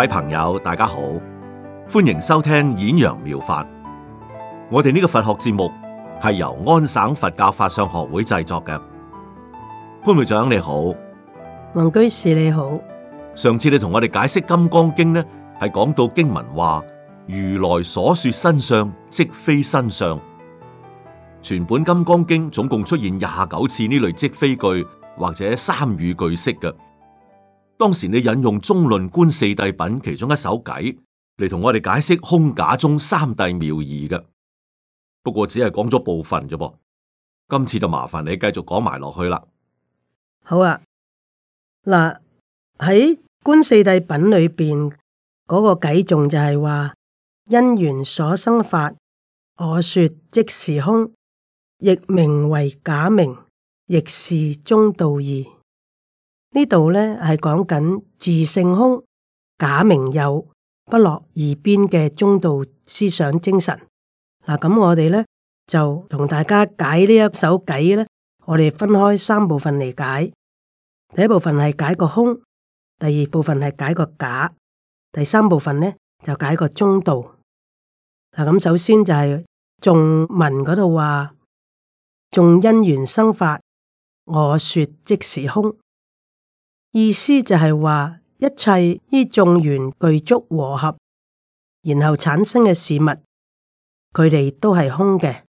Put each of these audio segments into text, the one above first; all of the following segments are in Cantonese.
各位朋友，大家好，歡迎收聽演揚妙，妙法。我哋呢個佛學節目係由安省佛教法相學會製作嘅。潘會長你好，文居士你好。上次你同我哋解釋《金剛經》呢，係講到經文話，如來所說身相，即非身相。全本《金剛經》總共出現廿九次呢類即非句或者三語句式嘅。當時你引用《中論觀四諦品》其中一首偈嚟同我哋解釋空假中三諦妙義嘅，不過只係講咗部分啫噃，今次就麻煩你繼續講埋落去啦。好啊，嗱喺《觀四諦品》裏邊嗰，那個偈仲就係話因緣所生法，我說即是空，亦名為假名，亦是中道義。呢度咧係講緊自性空假名有，不落二邊嘅中道思想精神。嗱，咁我哋咧就同大家解呢一首偈咧，我哋分開三部分嚟解。第一部分係解個空，第二部分係解個假，第三部分咧就解個中道。嗱，咁首先就係頌文嗰度話，眾因緣生法，我說即是空。意思就係話，一切依眾緣具足和合，然後產生嘅事物，佢哋都係空嘅。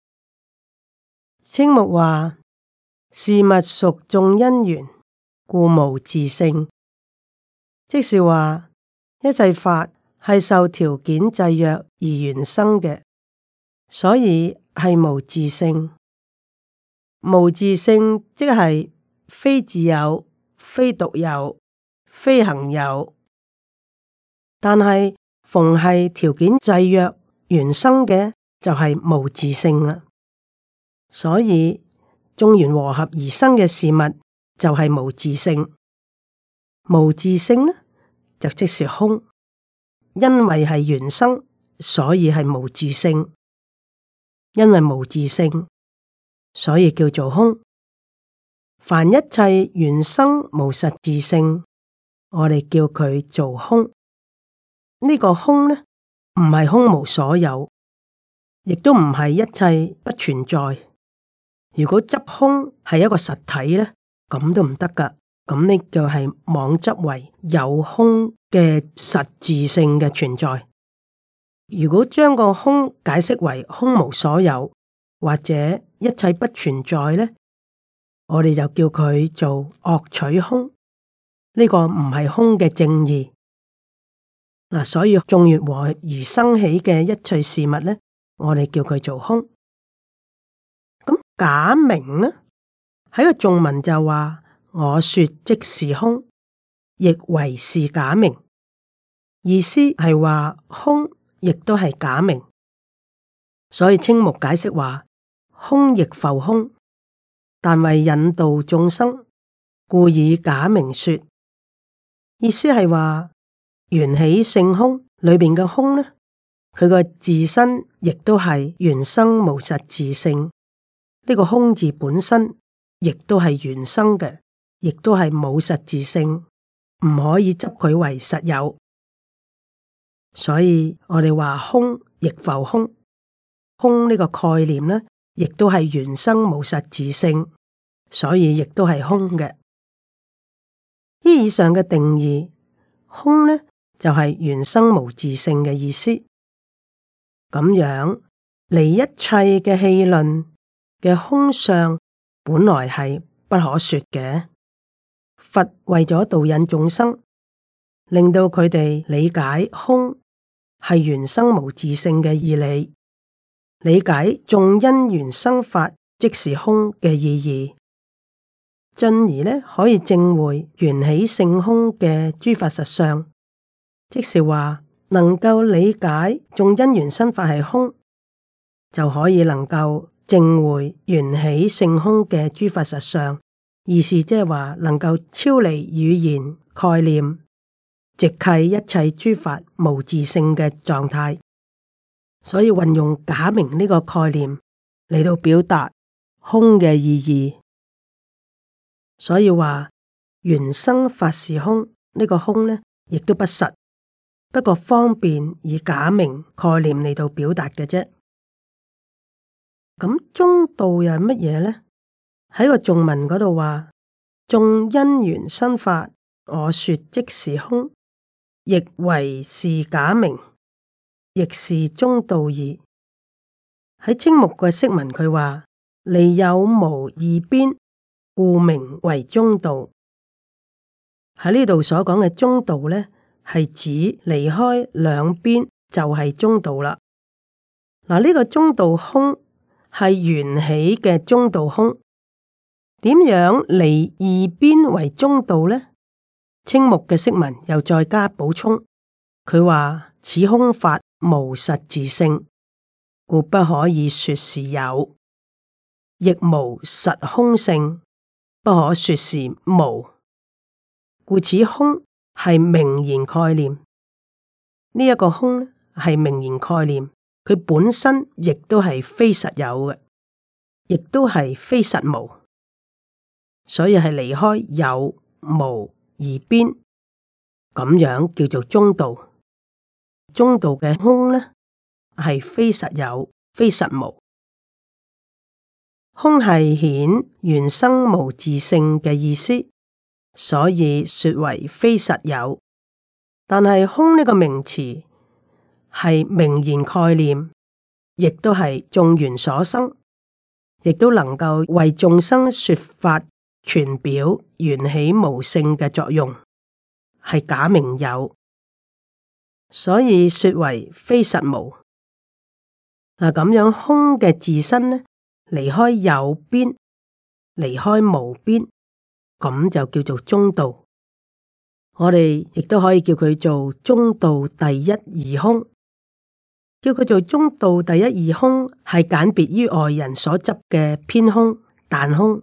青目話：事物屬眾因緣，故無自性。即是話，一切法係受條件制約而緣生嘅，所以係無自性。無自性即係非自有。非獨有，非行有。但係逢係條件制約緣生嘅，就係無自性啦。所以眾緣和合而生嘅事物就係無自性，無自性呢就即是空。因為係緣生，所以係無自性。因為無自性，所以叫做空。凡一切緣生無實質性，我哋叫佢做空。呢個空呢，唔係空無所有，亦都唔係一切不存在。如果執空係一個實體呢，咁都唔得噶。咁呢就係妄執為有空嘅實質性嘅存在。如果將個空解釋為空無所有或者一切不存在呢，我哋就叫佢做惡取空，呢個唔係空嘅正義。嗱，所以眾緣和而生起嘅一切事物咧，我哋叫佢做空。咁假名呢？喺個誦文就話：我說即是空，亦為是假名。意思係話空亦都係假名。所以青目解釋話：空亦浮空。但為引導眾生，故以假名說。意思係話緣起性空裏邊嘅空呢，佢個自身亦都係緣生無實自性。呢個空字本身亦都係緣生嘅，亦都係冇實自性，唔可以執佢為實有。所以我哋話空亦浮空，空呢個概念呢，亦都係緣生無實自性，所以亦都係空嘅。依以上嘅定義，空咧就係、是、緣生無自性嘅意思。咁樣離一切嘅戲論嘅空相，本來係不可說嘅。佛為咗導引眾生，令到佢哋理解空係緣生無自性嘅義理。理解眾因緣生法即是空嘅意義，進而呢可以證會緣起性空嘅諸法實相，即是話能夠理解眾因緣生法係空，就可以能夠證會緣起性空嘅諸法實相。意思即係話能夠超離語言概念，直契一切諸法無自性嘅狀態。所以運用假名呢個概念嚟到表達空嘅意義，所以話緣生法是空呢，這個空呢，亦都不實，不過方便以假名概念嚟到表達嘅啫。咁中道又係乜嘢呢？喺個中論嗰度話眾因緣生法，我說即是空，亦為是假名。亦是中道義。喺青木嘅釋文，佢話，離有無二邊，故名為中道。喺呢度所講嘅中道呢，係指離開兩邊就係中道啦。嗱，呢個中道空係緣起嘅中道空。點樣離二邊為中道呢？青木嘅釋文又再加補充，佢話，此空法。無實自性，故不可以說是有；亦無實空性，不可說是無。故此空係名言概念，呢一個空係名言概念，佢本身亦都係非實有嘅，亦都係非實無，所以係離開有無二邊，咁樣叫做中道。中道嘅空呢，係非實有，非實無。空係顯緣生無自性嘅意思，所以說為非實有。但係空呢個名詞係名言概念，亦都係眾緣所生，亦都能夠為眾生說法，詮表緣起無性嘅作用，係假名有。所以說為非實無。嗱，咁樣空嘅自身呢，離開有邊，離開無邊，咁就叫做中道。我哋亦都可以叫佢做中道第一義空，叫佢做中道第一義空，係簡別於外人所執嘅偏空、但空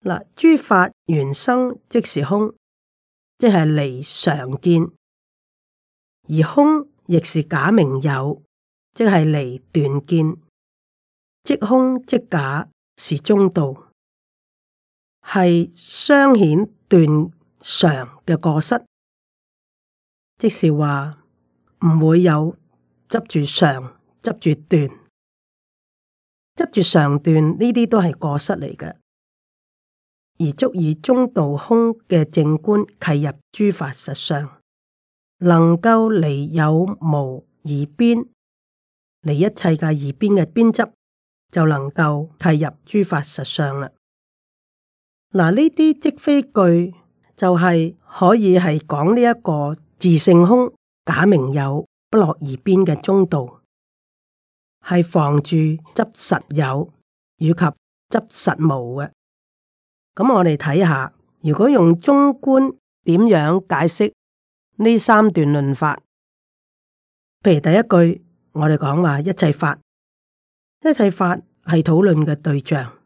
嗱。諸法緣生即是空，即係離常見。而空亦是假名有，即係離斷見，即空即假是中道，係雙遣斷常嘅過失，即是話唔會有執住常、執住斷、執住常斷呢啲都係過失嚟嘅，而足以中道空嘅正觀契入諸法實相。能夠離有無二邊，離一切嘅二邊嘅邊執，就能夠契入諸法實相啦。嗱，呢啲即非句就係、是、可以係講呢一個自性空假名有不落二邊嘅中道，係防住執實有以及執實無嘅。咁我哋睇下，如果用中觀點樣解釋？呢三段論法，譬如第一句，我哋講話一切法，一切法係討論嘅對象。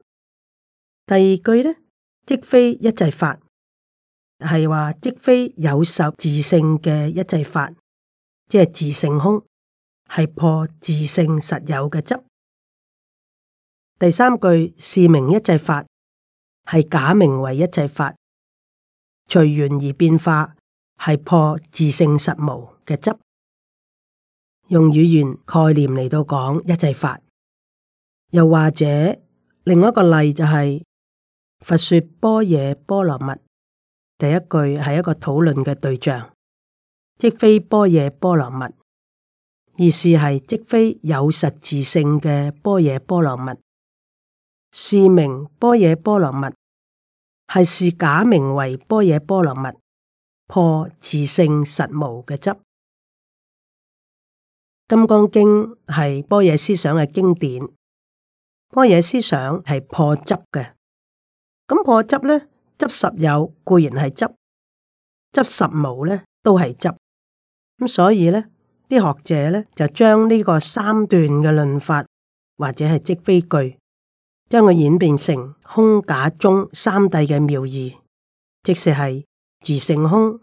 第二句呢，即非一切法，係話即非有實自性嘅一切法，即係自性空，係破自性實有嘅執。第三句是名一切法，係假名為一切法，隨緣而變化。係破自性實無嘅執，用語言概念嚟到講一切法。又或者另一個例就係、是、佛說般若波羅蜜，第一句係一個討論嘅對象，即非般若波羅蜜，而是係即非有實自性嘅般若波羅蜜，是名般若波羅蜜，係是，是假名為般若波羅蜜。破自性實無嘅執，《金剛經》係般若思想嘅經典。般若思想係破執嘅，咁破執咧，執實有固然係執，執實無咧都係執。咁所以咧，啲學者咧就將呢個三段嘅論法或者係即非句，將佢演變成空假中三諦嘅妙義，即是係。自性空，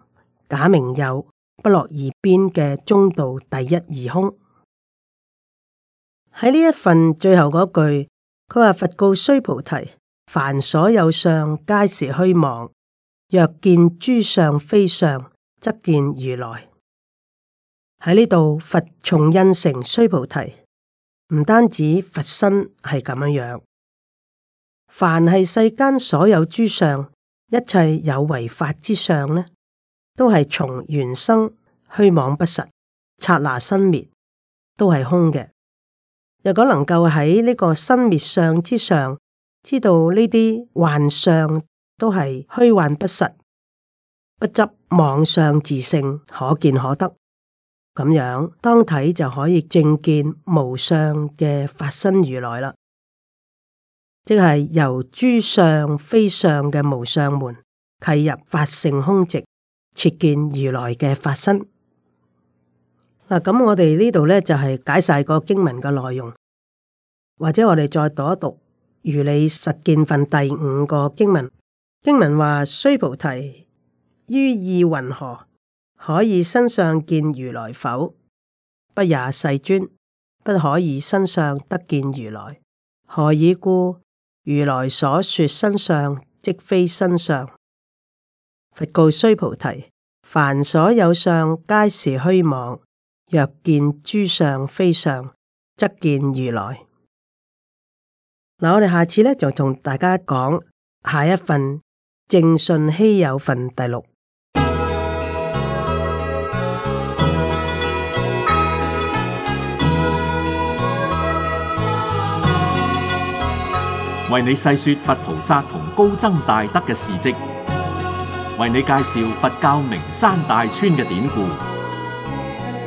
假名有，不落二邊嘅中道第一義空。喺呢一份最後嗰句，佢話佛告須菩提：凡所有相，皆是虛妄。若見諸相非相，則見如來。喺呢度，佛重印成須菩提，唔單止佛身係咁樣樣，凡係世間所有諸相。一切有違法之相呢，都係從緣生，虛妄不實，剎那生滅，都係空嘅。若果能夠喺呢個生滅相之上，知道呢啲幻相都係虛幻不實，不執妄相自性，可見可得，咁樣當體就可以正見無相嘅法身如來啦。即係由諸相非相嘅無相門契入法性空寂，徹見如來嘅法身。嗱、啊，咁我哋呢度咧就係、是、解晒個經文嘅內容，或者我哋再讀一讀如理實見分第五個經文。經文話：須菩提於意云何，可以身相見如來否？不也世尊，不可以身相得見如來，何以故？如來所說身相，身相即非身相。佛告須菩提：凡所有相，皆是虛妄。若見諸相非相，則見如來。嗱，我哋下次呢，就同大家講下一份正信稀有分第六。為你細說佛菩薩同高僧大德嘅事跡，為你介紹佛教名山大川嘅典故，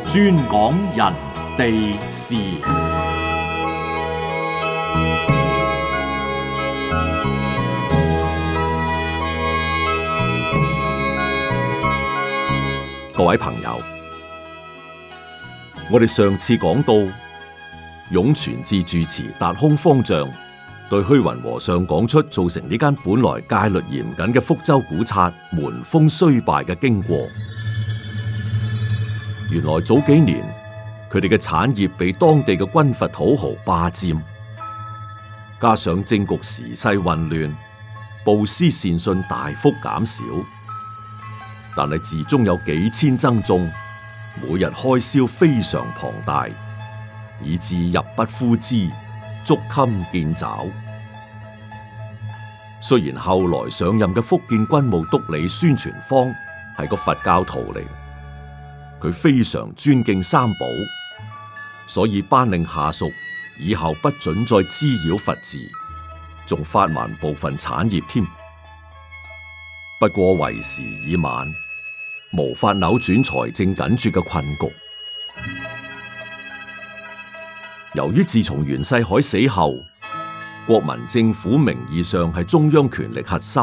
專講人地事。各位朋友，我哋上次講到湧泉寺住持達空方丈。對虛雲和尚講出造成呢間本來戒律嚴謹嘅福州古剎門風衰敗嘅經過。原來早幾年佢哋嘅產業被當地嘅軍閥土豪霸佔，加上政局時勢混亂，布施善信大幅減少。但係寺中有幾千僧眾，每日開銷非常龐大，以致入不敷支。捉襟見肘。雖然後來上任嘅福建軍務督理孫傳芳係個佛教徒嚟，佢非常尊敬三寶，所以頒令下屬以後不准再滋擾佛寺，仲發還部分產業添。不過為時已晚，無法扭轉財政緊絀嘅困局。由於自從袁世凱死後，國民政府名義上係中央權力核心，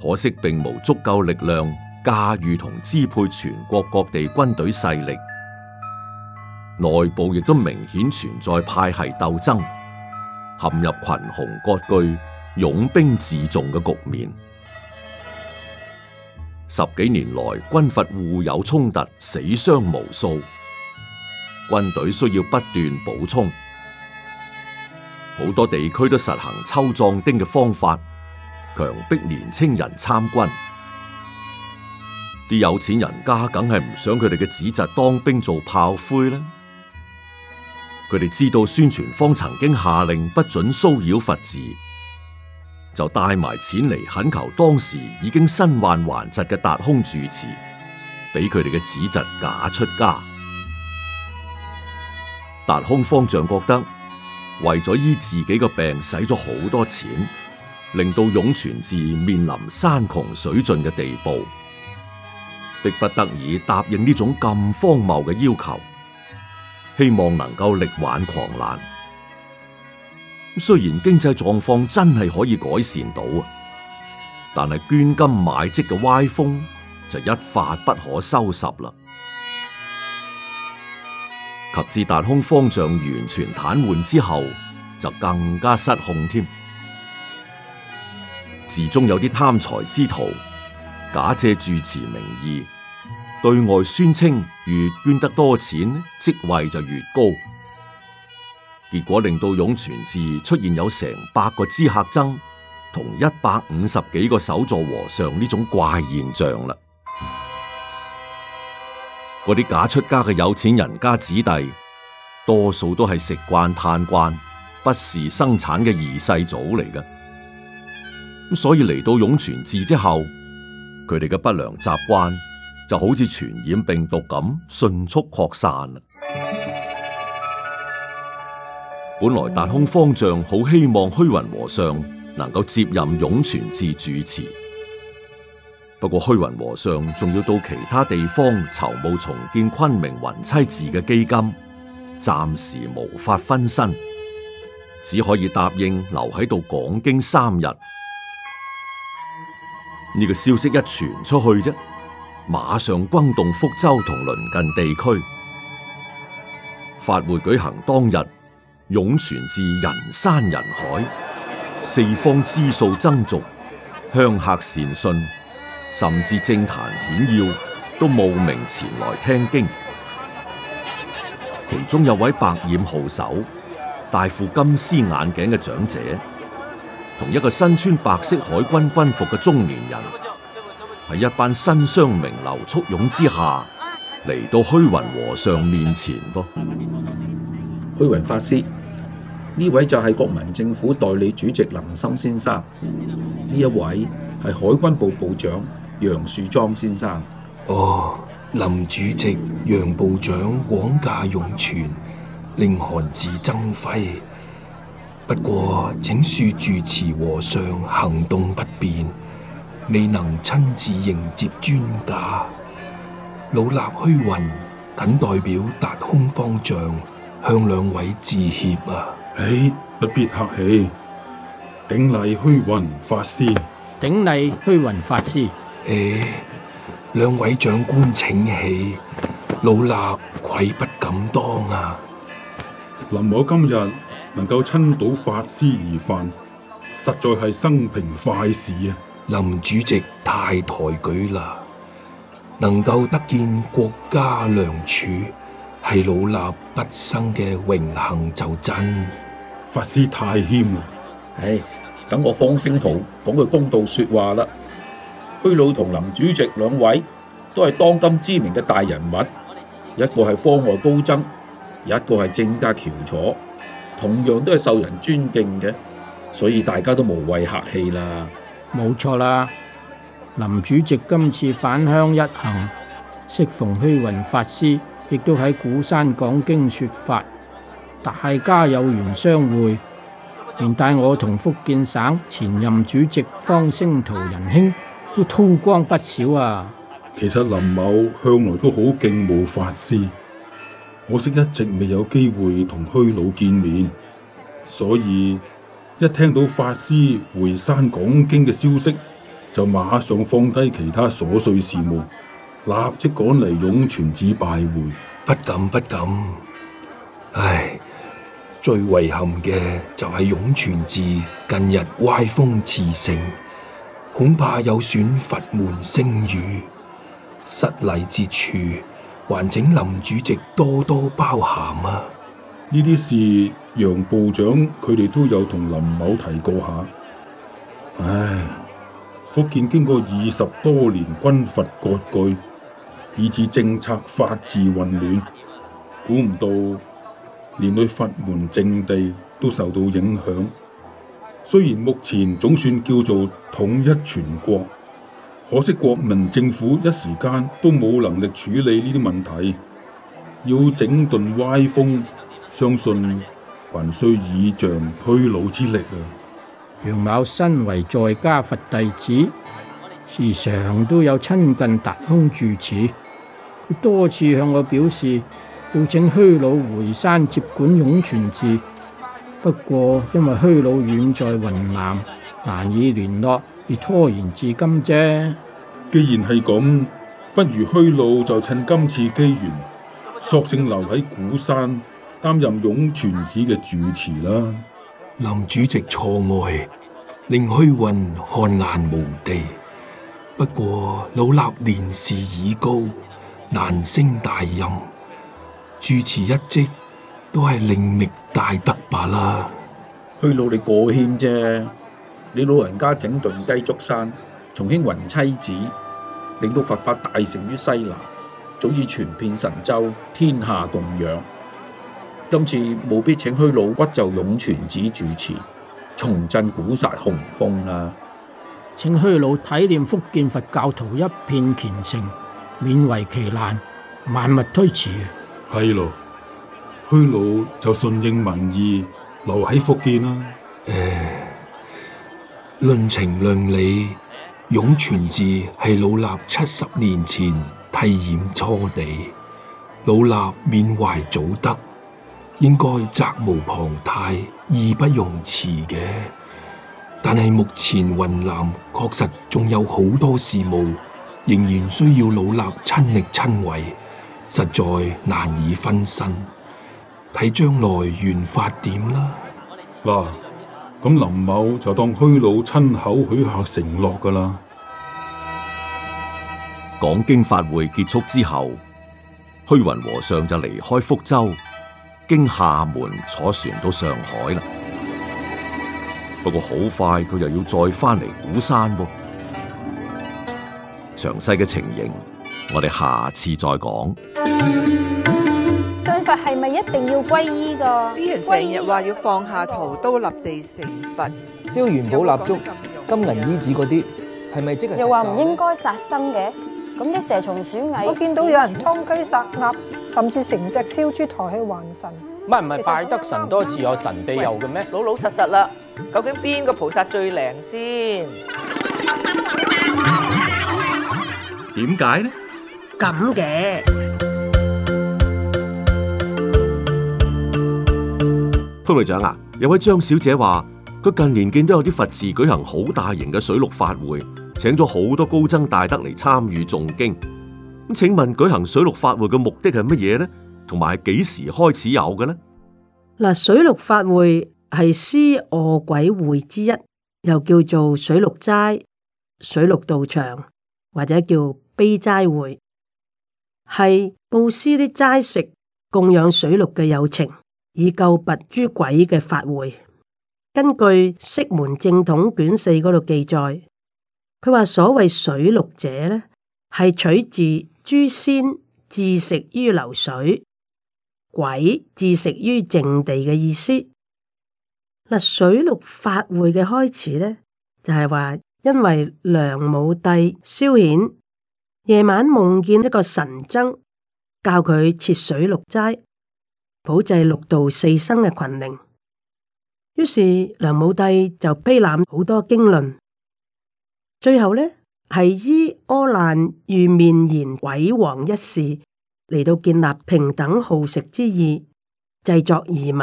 可惜並無足夠力量駕馭同支配全國各地軍隊勢力，內部亦都明顯存在派系鬥爭，陷入群雄割據、擁兵自重嘅局面。十幾年來，軍閥互有衝突，死傷無數。軍隊需要不斷補充，好多地區都實行抽壯丁嘅方法，強迫年青人參軍。啲有錢人家梗係唔想佢哋嘅子侄當兵做炮灰啦。佢哋知道孫傳芳曾經下令不准騷擾佛寺，就帶埋錢嚟懇求當時已經身患頑疾嘅達空住持，俾佢哋嘅子侄假出家。達空方丈覺得為咗醫自己嘅病使咗好多錢，令到湧泉寺面臨山窮水盡嘅地步，迫不得已答應呢種咁荒謬嘅要求，希望能夠力挽狂瀾。雖然經濟狀況真係可以改善到啊，但係捐金買積嘅歪風就一發不可收拾啦。及至達空方丈完全癱瘓之後，就更加失控添。寺中有啲貪財之徒，假借住持名義，對外宣稱越捐得多錢，職位就越高，結果令到湧泉寺出現有成百個知客僧，同一百五十幾個首座和尚呢種怪現象啦。嗰啲假出家嘅有錢人家子弟，多數都係食慣、嘆慣、不時生產嘅二世祖嚟嘅，咁所以嚟到湧泉寺之後，佢哋嘅不良習慣就好似傳染病毒咁，迅速擴散。本來達空方丈好希望虛雲和尚能夠接任湧泉寺主持。不過虛雲和尚仲要到其他地方籌募重建昆明雲棲寺嘅基金，暫時無法分身，只可以答應留喺度講經三日。呢、這個消息一傳出去啫，馬上轟動福州同鄰近地區，法會舉行當日湧泉至人山人海，四方緇素僧俗，香客善信。甚至政壇顯要都慕名前來聽經，其中有位白髯皓首、戴副金絲眼鏡嘅長者，同一個身穿白色海軍軍服嘅中年人，喺一班紳商名流簇擁之下，嚟到虛雲和尚面前噃。虛雲法師，呢位就係國民政府代理主席林森先生，呢一位係海軍部部長楊樹莊先生，哦，林主席、楊部長枉駕勇存，令寒字增輝。不過，請恕住持和尚行動不便，未能親自迎接尊駕。老衲虛雲謹代表達空方丈向兩位致歉啊！哎，不必客氣。頂禮虛雲法師。頂禮虛雲法師。誒、哎，兩位長官，請起，老衲愧不敢當啊！林某今日能夠親睹法師而犯，實在係生平快事啊！林主席太抬舉啦，能夠得見國家良柱，係老衲畢生嘅榮幸，就真。法師太謙啦，唉、哎，等我方星圖講句公道說話啦！虛老同林主席兩位都係當今知名嘅大人物，一個係方外高僧，一個係政界翹楚，同樣都係受人尊敬嘅，所以大家都無謂客氣啦。冇錯啦，林主席今次返鄉一行，適逢虛雲法師亦都喺鼓山講經說法，大家有緣相會，連帶我同福建省前任主席方聲濤仁兄。都韜光不少啊！其實林某向來都好敬慕法師，可惜一直未有機會同虛老見面，所以一聽到法師回山講經嘅消息，就馬上放低其他瑣碎事務，立即趕嚟湧泉寺拜會。不敢不敢！唉，最遺憾嘅就係湧泉寺近日歪風熾盛。恐怕有損佛門聲譽，失禮之處，還請林主席多多包涵啊！呢啲事，楊部長佢哋都有同林某提過下。唉，福建經過二十多年軍閥割據，以致政策法治混亂，估唔到連對佛門政地都受到影響。雖然目前總算叫做統一全國，可惜國民政府一時間都冇能力處理呢啲問題。要整頓歪風，相信還需倚仗虛老之力啊！楊某身為在家佛弟子，時常都有親近達空住持。佢多次向我表示，要請虛老回山接管湧泉寺。不過因為虛老遠在雲南，難以聯絡，而拖延至今啫。既然係咁，不如虛老就趁今次機緣，索性留喺鼓山擔任湧泉寺嘅住持啦。林主席錯愛，令虛雲汗顏無地。不過老衲年事已高，難勝大任，住持一職。都係另覓大德罷啦。虛老你過謙啫。你老人家整頓雞足山，重興雲棲寺，令到佛法大盛於西南，早已傳遍神州，天下共仰。今次務必請虛老屈就湧泉寺主持，重振古剎雄風啦。請虛老體念福建佛教徒一片虔誠，勉為其難，萬勿推辭。係咯。虛老就順應民意留喺福建啦、啊。誒，論情論理，湧泉寺係老衲七十年前剃染初地，老衲緬懷，懷，懷祖德，應該責無旁貸、義不容辭嘅。但係目前雲南確實仲有好多事務，仍然需要老衲親力親為，實在難以分身。睇將來緣法點啦！嗱、啊，咁林某就當虛老親口許下承諾噶啦。講經法會結束之後，虛雲和尚就離開福州，經廈門坐船到上海啦。不過好快佢又要再翻嚟鼓山喎。詳細嘅情形，我哋下次再講。佛係咪一定要皈依噶？啲人成日話要放下屠刀立地成佛，燒元寶蠟燭、金銀衣紙嗰啲，係咪即係？又話唔應該殺生嘅，咁啲蛇蟲鼠蟻，我見到有人劏雞殺鴨，甚至成隻燒豬抬去還神。唔係，唔係，拜得神多自有神庇佑嘅咩？老老實實啦，究竟邊個菩薩最靈先？點解呢？咁嘅。潘會長啊，有位張小姐話，佢近年見到有啲佛寺舉行好大型嘅水陸法會，請咗好多高僧大德嚟參與誦經。咁請問舉行水陸法會嘅目的係乜嘢呢？同埋幾時開始有嘅呢？嗱，水陸法會係施餓鬼會之一，又叫做水陸齋、水陸道場或者叫悲齋會，係布施啲齋食供養水陸嘅有情。以救拔諸鬼嘅法會，根據《釋門正統》卷四嗰度記載，佢話所謂水陸者呢，係取自諸仙置食於流水，鬼置食於淨地嘅意思。嗱，水陸法會嘅開始呢，就係話因為梁武帝蕭衍夜晚夢見一個神僧，教佢設水陸齋。普濟六道四生嘅群靈，於是梁武帝就披覽好多經論，最後呢，係依阿難遇面然鬼王一事嚟到建立平等好食之意，製作移民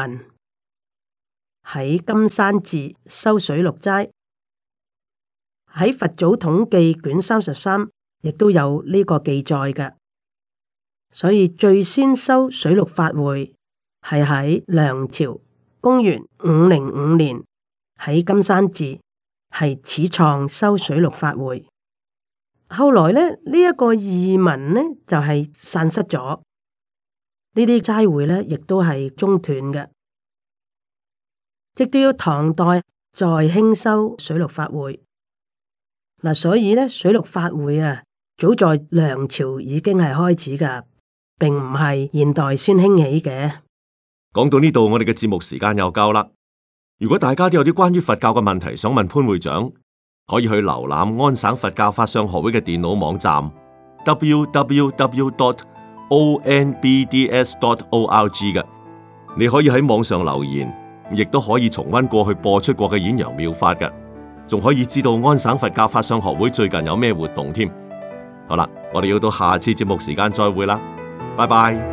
喺金山寺修水陸齋，喺佛祖統記卷三十三亦都有呢個記載嘅，所以最先修水陸法會。係喺梁朝，公元五零五年喺金山寺，係始創修水陸法會。後來咧呢一、這個移民咧就係、是、散失咗，齋呢啲齋會咧亦都係中斷嘅，直到唐代再興修水陸法會嗱、啊。所以咧水陸法會啊，早在梁朝已經係開始噶，並唔係現代先興起嘅。講到呢度，我哋嘅節目時間又夠啦。如果大家都有啲關於佛教嘅問題想問潘會長，可以去瀏覽安省佛教法相學會嘅電腦網站 www.onbds.org 嘅。你可以喺網上留言，亦都可以重溫過去播出過嘅演揚妙法嘅，仲可以知道安省佛教法相學會最近有咩活動添。好啦，我哋要到下次節目時間再會啦，拜拜。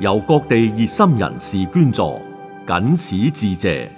由各地熱心人士捐助，謹此致謝。